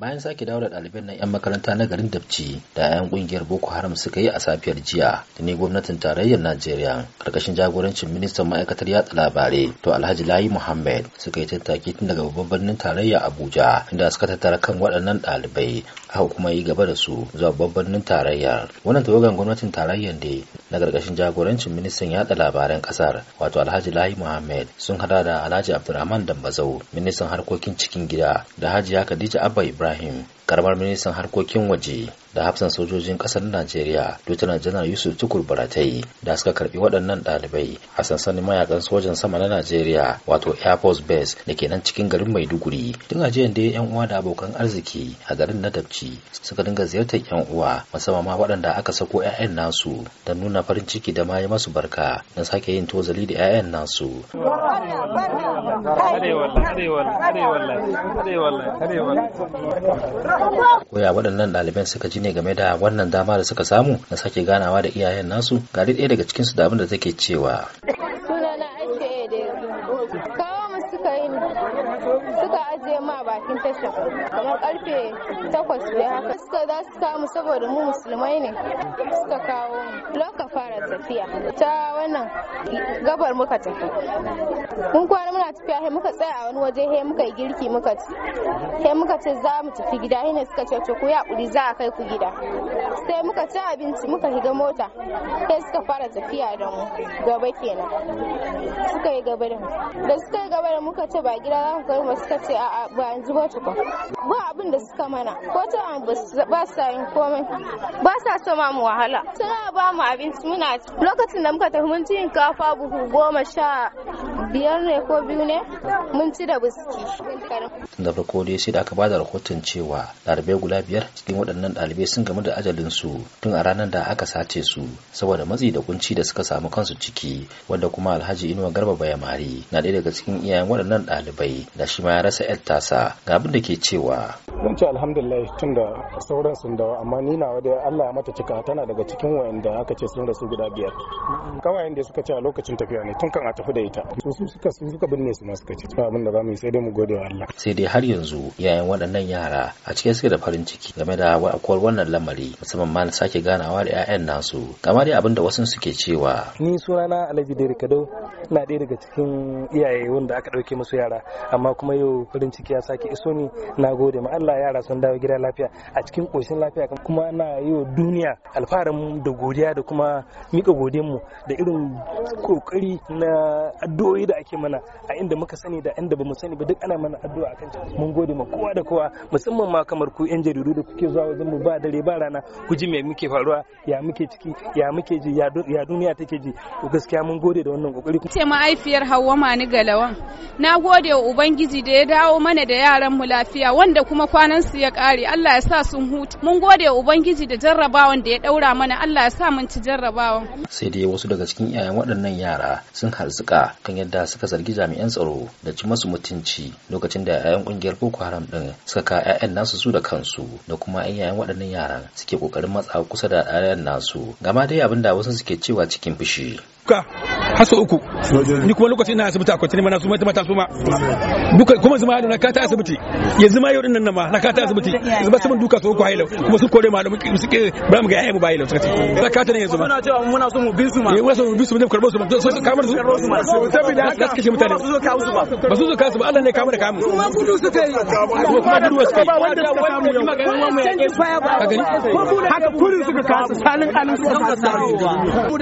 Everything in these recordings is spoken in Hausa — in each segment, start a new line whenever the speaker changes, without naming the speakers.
bayan sake dawo da ɗaliban na 'yan makaranta na garin dabci da 'yan ƙungiyar boko haram suka yi a safiyar jiya da ne gwamnatin tarayyar najeriya karkashin jagorancin ministan ma'aikatar yatsa labarai to alhaji layi muhammed suka yi tattaki tun daga babban birnin tarayya abuja inda suka tattara kan waɗannan ɗalibai aka kuma yi gaba da su zuwa babban birnin tarayyar wannan tawagan gwamnatin tarayyar ne na karkashin jagorancin ministan yatsa labaran ƙasar wato alhaji layi muhammed sun hada da alhaji abdulrahman dambazau ministan harkokin cikin gida da hajiya khadija abba ibrahim Ibrahim karamar ministan harkokin waje da hafsan sojojin kasar najeriya lieutenant janar yusuf tukur baratai da suka karbi waɗannan ɗalibai a sansanin mayakan sojan sama na najeriya wato air force base da ke nan cikin garin maiduguri tun jiyan da yan uwa da abokan arziki a garin na dabci suka dinga ziyartar yan uwa musamman ma waɗanda aka sako 'ya'yan nasu don nuna farin ciki da ma yi masu barka don sake yin tozali da 'ya'yan nasu Koya waɗannan ɗaliban suka ji ne game da wannan dama da suka samu na sake ganawa da iyayen nasu ga ɗaya daga cikinsu da abin da take cewa.
Sunana suka yi suka ajiye mu a bakin tasha kamar karfe takwas da haka suka za su kawo mu saboda mu musulmai ne suka kawo mu lokacin fara tafiya ta wannan gabar muka tafi mun kwana muna tafiya sai muka tsaya a wani waje sai muka yi girki muka ci sai muka ce za mu tafi gida sai ne suka ce to ku ya za a kai ku gida sai muka ci abinci muka higa mota sai suka fara tafiya da mu gaba kenan suka yi gaba da mu da suka yi gaba da muka ce ba gida za mu kai ba suka ce a'a ba yanzu ba tukun ba abin da suka mana ko ta ba sa yin komai ba sa so ma mu wahala suna ba mu abinci muna lokacin da muka tafi mun ci kafa buhu goma sha biyar ne ko biyu ne mun ci da biski
da farko dai sai da aka bada rahoton cewa ɗalibai guda biyar cikin waɗannan ɗalibai sun gamu da ajalinsu tun a ranar da aka sace su saboda matsi da kunci da suka samu kansu ciki wanda kuma alhaji inuwa garba bayamari na ɗaya daga cikin iyayen waɗannan ɗalibai da shi ma ya rasa yar tasa ga abin da ke cewa zan ce alhamdulillah tun da sauran sun dawo amma ni na dai Allah ya mata cika tana daga cikin wayanda aka ce sun rasu guda biyar kawayen da suka ce a lokacin tafiya ne tun kan a tafi da ita su su suka suka binne su ma suka ce ba abin da za mu yi sai dai mu gode wa Allah sai dai har yanzu yayin waɗannan yara a cikin suke da farin ciki game da akwai wannan lamari musamman ma na sake ganawa da 'ya'yan nasu kamar dai abin da wasu suke cewa ni sunana Alhaji Dere Kado ina ɗaya daga cikin iyaye wanda aka ɗauke musu yara amma kuma yau farin ciki ya sake iso ni na gode ma Allah yara sun dawo gida lafiya a cikin koshin lafiya kuma na yi wa duniya alfaharin da godiya da kuma mika godiyar mu da irin kokari na addu'o'i da ake mana a inda muka sani da inda bamu sani ba duk ana mana addu'a akan ta mun gode ma kowa da kowa musamman ma kamar ku yan jaridu da kuke zuwa wajen mu ba dare ba rana ku ji me muke faruwa ya muke ciki ya muke ji ya duniya take ji to gaskiya mun gode da wannan kokari
ce ma'aifiyar Hauwa Mani Galawan na gode wa ubangiji da ya dawo mana da yaran mu lafiya wanda kuma kwanan su ya kare Allah ya sa sun huta mun gode wa ubangiji da jarrabawan da ya daura mana Allah ya sa mun ci jarrabawan
sai dai wasu daga cikin iyayen waɗannan yara sun harzuka kan yadda waɗanda suka zargi jami'an tsaro da ci masu mutunci lokacin da 'ya'yan ƙungiyar Boko Haram ɗin suka ka 'ya'yan nasu su da kansu da kuma 'ya'yan waɗannan yaran suke ƙoƙarin matsa kusa da 'ya'yan nasu gama dai abin da wasu suke cewa cikin fushi. haso uku ni kuma lokacin na asibiti akwai kwance ne mana su mata mata su ma duka kuma zuma da raka ta asibiti ya zuma yau din nan ma raka ta asibiti zuba saman duka su uku hailau kuma su kore malamu suke ba mu ga yayi mu ba hailau suka ce ta ne yanzu ma muna cewa muna so mu bin su ma eh muna mu bin su mu karbo su ma so su kamar su saboda haka suka ce mutane ba su zo kawo su ba ba su zo kawo su ba Allah ne kamar kamu kuma gudu suka yi kuma gudu suka yi ba wanda suka samu yau haka kurin suka kawo salin alin suka kawo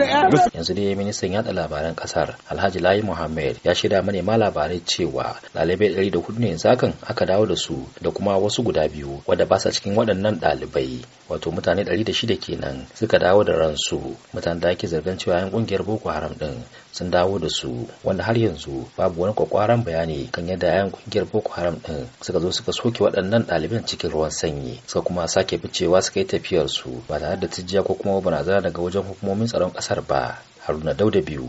yanzu dai ministan yada labarai 'yan kasar alhaji layi muhammed ya shirya manema labarai cewa ɗalibai ɗari da hudu ne zakan aka dawo da su da kuma wasu guda biyu wadda ba sa cikin waɗannan ɗalibai wato mutane ɗari da shida kenan suka dawo da ransu mutane da ake zargin cewa 'yan ƙungiyar boko haram ɗin sun dawo da su wanda har yanzu babu wani kwakwaran bayani kan yadda 'yan ƙungiyar boko haram ɗin suka zo suka soke waɗannan ɗaliban cikin ruwan sanyi suka kuma sake ficewa suka yi tafiyarsu ba tare da tijjiya ko kuma barazana daga wajen hukumomin tsaron ƙasar ba haruna dauda biyu